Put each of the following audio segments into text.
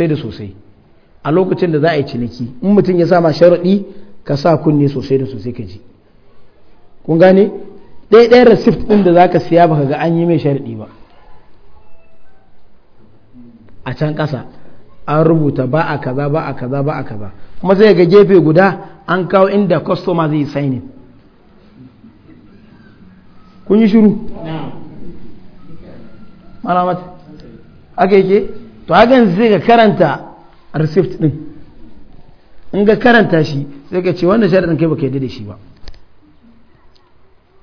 sosai da sosai a lokacin da za a yi ciniki in mutum ya sama sharaɗi ka sa kunne sosai da sosai ka ji kun gane ɗaya ɗaya receipt ɗin da za ka siya baka ga an yi mai sharaɗi ba a can ƙasa an rubuta ba a kaza ba a kaza ba a kaza kuma sai ga gefe guda an kawo inda customer zai signing kun yi shiru malamata aka yake to hagan zai ga karanta receipt din in ga karanta shi sai ka ce wannan sharaɗin kai ka yadda da shi ba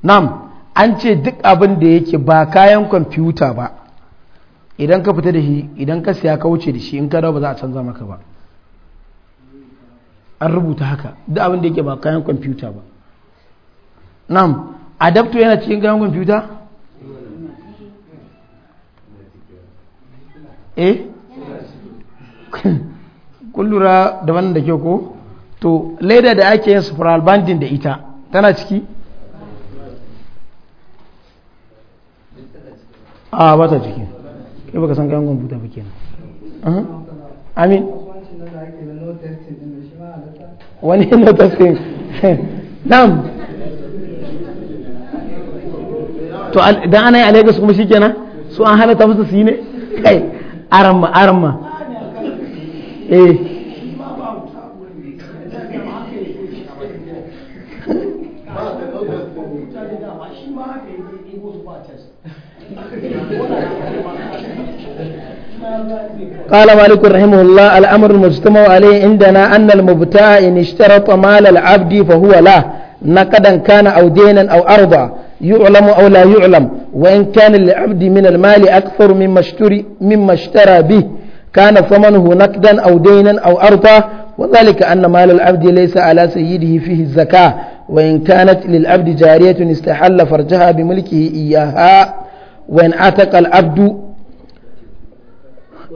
nam an ce duk abin da yake ba kayan kwamfuta ba idan ka fita da shi idan ka siya ka wuce da shi in ka dawo ba za a canza maka ba an rubuta haka duk abin da yake ba kayan kwamfuta ba nam adapto yana cikin kayan kwamfuta eh kun lura da wannan da ke ko to leda da ake yin spiral banding da ita tana ciki a ba ta ciki kai baka san kayan kwamfuta ba kenan amin wani na tafsir nam to dan ana yi alaƙa su kuma shi kenan su an ta musu su yi ne kai arma arma ايه قال مالك رحمه الله الأمر المجتمع عليه عندنا أن المبتاع إن اشترط مال العبد فهو لا نقدا كان أو دينا أو أرضا يعلم أو لا يعلم وإن كان للعبد من المال أكثر مما اشتري مما اشترى به كان ثمنه نقدا أو دينا أو أرطا وذلك أن مال العبد ليس على سيده فيه الزكاة وإن كانت للعبد جارية استحل فرجها بملكه إياها وإن عتق العبد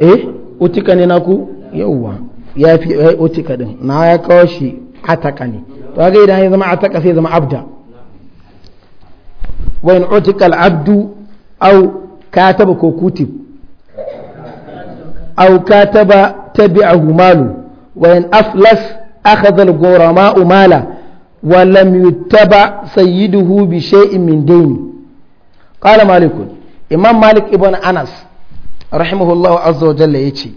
إيه أتكني ناكو يوا يا في أتكني نايا كوشي عتقني فأجي إذا زما عتق في زما عبدا وإن عتق العبد أو كاتب كوكتب أو كاتب تبعه ماله وإن أفلس أخذ الغرماء ماله ولم يتبع سيده بشيء من دين قال مالك إمام مالك ابن أنس رحمه الله عز وجل يتي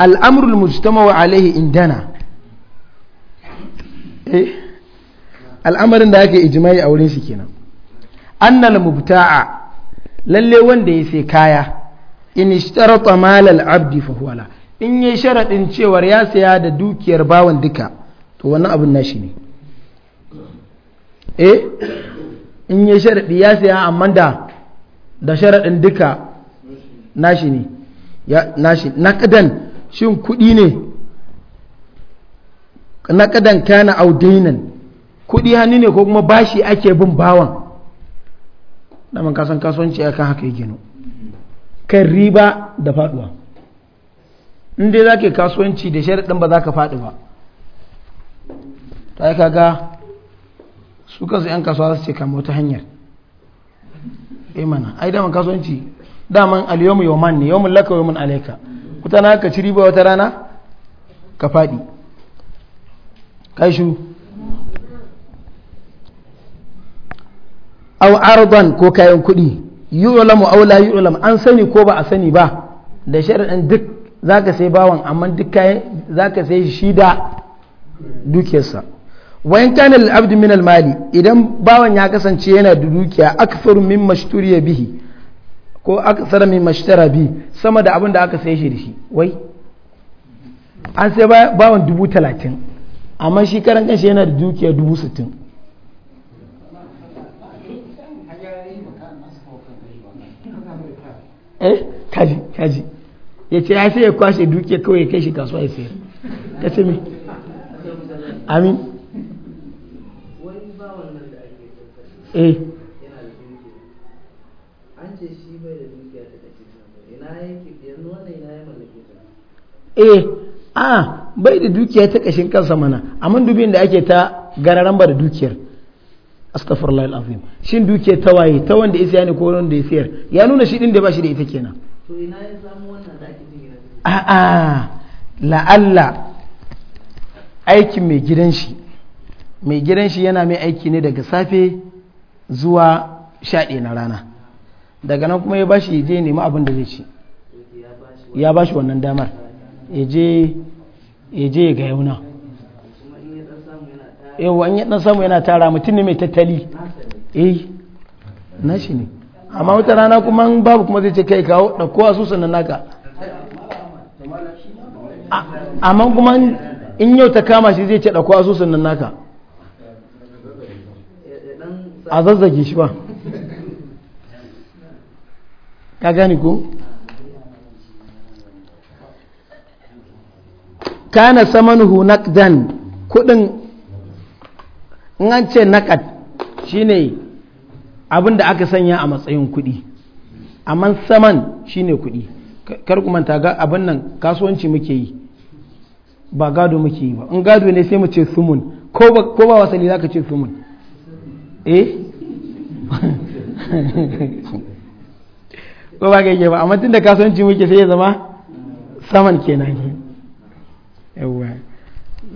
الأمر المجتمع عليه عندنا إيه؟ الأمر ده إجماعي أولين سكينا أن المبتاع lalle wanda ya sai kaya in ishtarata malal abdi fa huwa in yi sharaɗin cewar ya saya da dukiyar bawan duka to wannan abun nashi ne eh in yi sharaɗi ya saya amma da da sharaɗin duka nashi ne nashi naqdan shin kudi ne naqdan kana audainan kudi hannu ne ko kuma bashi ake bin bawan da man kasan kasuwanci akan haka ya gino kan riba da faduwa in dai za ka kasuwanci da sharaɗin ba za ka faɗi ba ta yi kaga su kansu 'yan kasuwa su ce kama wata hanyar imana eh ai daman kasuwanci daman aliyomu man ne yawmun laka yawmun alaika kuta na ka ci riba wata rana ka faɗi kai shu au arban ko kayan kuɗi yu'lamu aw la yu'lam an sani ko ba a sani ba da sharadin duk zaka sai bawan amma duk kai zaka sai shi da dukiyarsa wa in kana lil abd min al mali idan bawan ya kasance yana da dukiya akfaru min ishturiya bihi ko akthara min mashtara bi sama da abin da aka sai shi da shi wai an sai bawan dubu talatin amma shi karan kanshi yana da dukiya dubu sittin eh kaji kaji ya ce ya sai ya kwashe duke kawai ya kai shi kasuwa ya sayar ta ce me amin eh eh a ah, bai da dukiya ta kashin kansa mana amma dubin da ake ta gararan ba da dukiyar astaghfirullah alazim shin duke tawaye ta wanda ya ne ko wanda ya sayar ya nuna shi din da ba shi da ita kenan to ina ya samu wannan da ake jira a a la'alla aikin mai gidan shi mai gidan shi yana mai aiki ne daga safe zuwa shaɗe na rana daga nan kuma ya bashi ya je nemi abin da zai ci ya bashi wannan damar ya je ya ga yauna yau an yi dan samu yana tara mutum ne mai tattali eh shi ne amma wata rana kuma babu kuma zai ce kai kawo da kowa su sanan naka amma kuma in yau ta kama shi zai ce da kowa su sanan naka a zazzage shi ba ka gani ko kana samanuhu dan kudin in an ce naƙad shine abin da aka sanya a matsayin kuɗi amma saman shine kuɗi kar ku manta ga abin nan kasuwanci muke yi ba gado muke yi ba in gado ne sai mu ce sumun ko ba wasali za ka ce sumun eh ko ba ka yi ba amma tun da kasuwanci muke sai ya zama saman kenan yawwa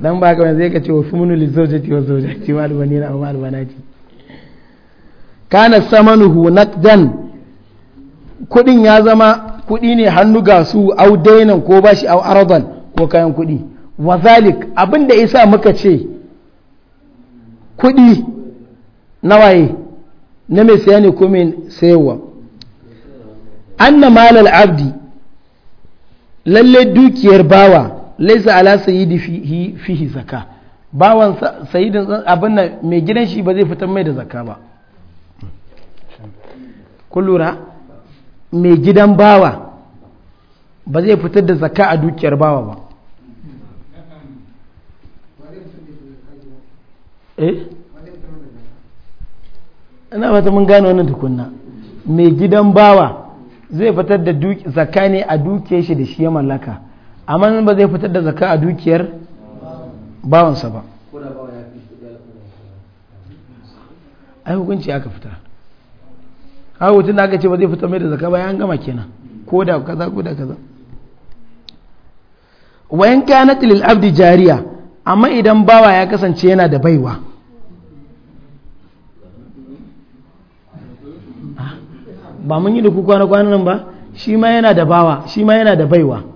dan ba ka zai ka ce wasu munu lizojati wa zojati wa albanina wa albanati kana samanuhu nakdan kudin ya zama kudi ne hannu ga su au dainan ko bashi au aradan ko kayan kudi wa zalik abinda isa muka ce kudi nawaye na mai saya ko mai sayarwa anna malal abdi lalle dukiyar bawa laisa ala sayidi fihi fihi zaka bawan sayidin abin nan mai gidan shi ba zai fitar mai da zaka ba kun lura mai gidan bawa ba zai fitar da zaka a dukiyar bawa ba eh ina fata mun gano wannan tukunna mai gidan bawa zai fitar da zakka ne a dukiyar shi da shi ya mallaka amma ba zai fitar da zaka a dukiyar bawansa ba ai hukunci aka fita. har tun da aka ce ba zai fitar mai da zaka ba ya gama kenan ko da kaza ko da kaza wayan kana lil abdi jariya amma idan bawa ya kasance yana da baiwa ah, ba mun yi da ku kwana kwanan ba shi ma yana da bawa shi ma yana da baiwa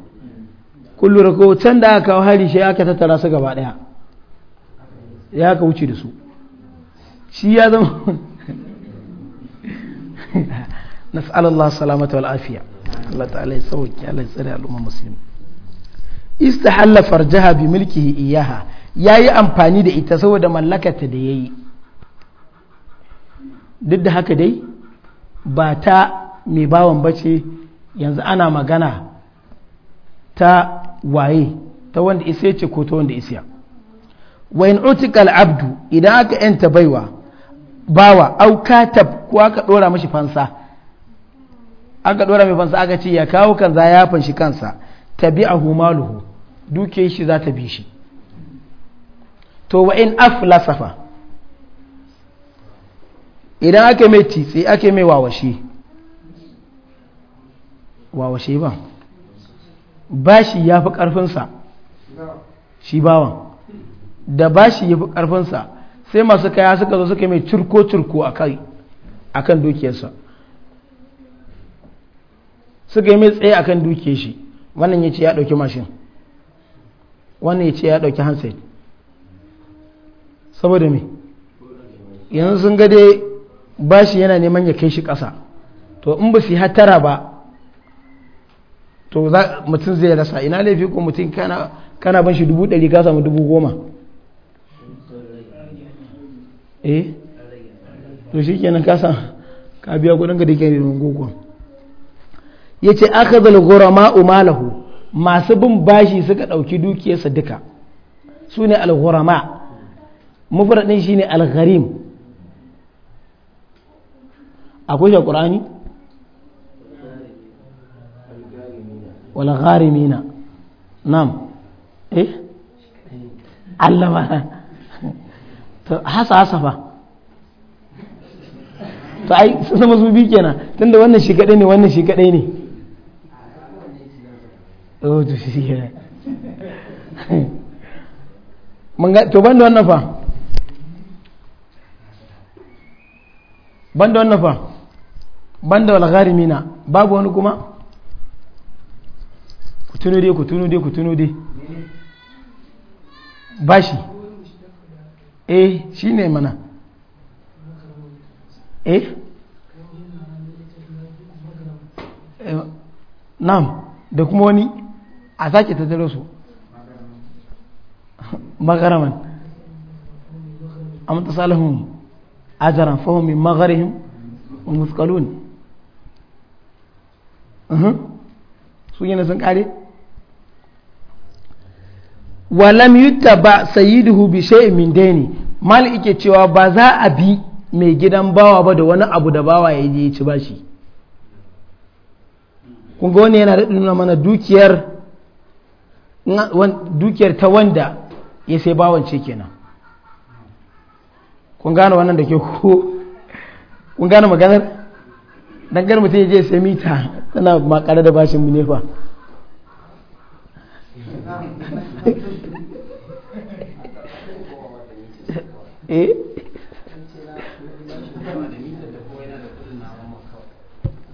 kullu rako can da aka kawo hari shi aka tattara su gaba daya ya aka wuce da su shi ya zama nas'al Allah salamata wal afiya Allah ta'ala ya sauke Allah ya tsare al'umma musulmi istahalla farjaha bi mulkihi iyaha yayi amfani da ita saboda mallakata da yayi duk da haka dai ba ta mai bawan bace yanzu ana magana ta waye ta wanda isa ce ko ta wanda isiya wa in utikal abdu idan aka yanta baiwa bawa au katab ko aka dora mashi fansa aka dora mai fansa aka ce ya kawo kanza ya fanshi kansa tabi'ahu maluhu duke shi za ta bi shi to wa in aflasafa idan ake mai titse ake mai wawashi wawashi ba bashi ya fi ƙarfinsa shi bawan da bashi ya fi ƙarfinsa sai masu kaya suka zo suka mai turko-turko a kan dukiyarsa suka yi mai tsaye a kan dukiyar shi wannan ya ce ya ɗauki mashin wannan ya ce ya ɗauki handset saboda me yanzu sun gade bashi yana neman ya kai shi ƙasa to in ba su yi hatara ba to za mutum zai rasa ina laifi ko mutum kana kana ban shi dubu ɗari ga samu dubu goma eh to shi kenan kasa ka biya kudin ka da yake ririn ya ce aka zalgora ma'umalahu masu bin bashi suka ɗauki dukiyarsa duka su ne alghurama mufradin shi ne algharim akwai shi ƙur'ani wala gharimina nam eh allama to hasa hasa fa to ai sun zama su biyu kenan tunda wannan shi kadai ne wannan shi kadai ne oh to shi kenan mun ga to banda wannan fa banda wannan fa banda wal gharimina babu wani kuma ku tuno dai ku tuno dai ku tuno dai bashi eh shi ne mana eh, eh nam da kuma wani a sake tattalo su magaraman amma tasalahun ajaran fahimmi magarihim wa muskalun su yana sun kare? wa lam ba sayyiduhu bi shay'in min daini maliki yake cewa ba za a bi mai gidan bawa ba da wani abu da bawa ya je ci bashi kun ga wani yana da nuna mana dukiyar dukiyar ta wanda ya sai bawan ce kenan kun gane wannan da ke ko kun gane maganar dangar mutum ya je sai mita tana makare da bashin mu ne fa eh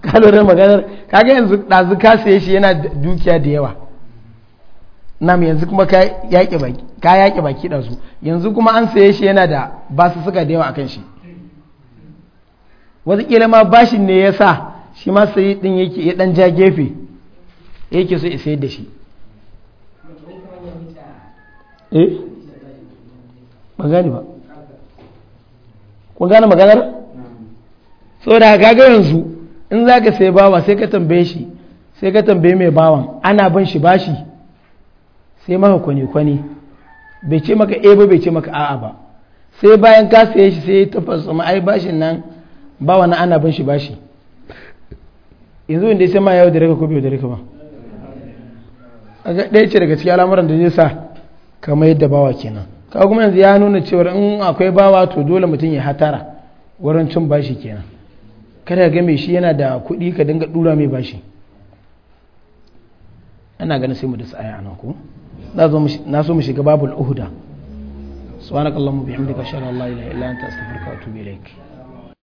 kalorin maganar kaga yanzu ɗazu ka saye shi yana dukiya da yawa nam yanzu kuma ka yaƙi baki ka yaƙi baki yanzu kuma an saye shi yana da basu suka da yawa akan shi wataƙila ma bashin ne ya sa shi ma sai din yake ya ɗan ja gefe yake so ya sayar da shi eh ba kun gane maganar So saboda kaga yanzu in za ka sai bawa sai ka tambaye shi sai ka tambaye mai bawan ana bin shi bashi sai maka kwane-kwane bai ce maka e ba bai ce maka a'a ba sai bayan ka saye shi sai tafasa ma ai bashin nan bawa na ana bin shi bashi yanzu inda sai ma yau da raka ko bai da raka ba A ɗaya ce daga cikin al'amuran da zai sa kamar yadda bawa kenan ka kuma yanzu ya nuna cewar in akwai bawa to dole mutum ya hatara wurin cin bashi kenan kada ga mai shi yana da kuɗi ka dinga dura mai bashi ana ganin sai mu da sa'aya nan ko na so mu shiga babul uhuda subhanakallahumma bihamdika ashhadu an la ilaha illa anta astaghfiruka wa atubu ilaik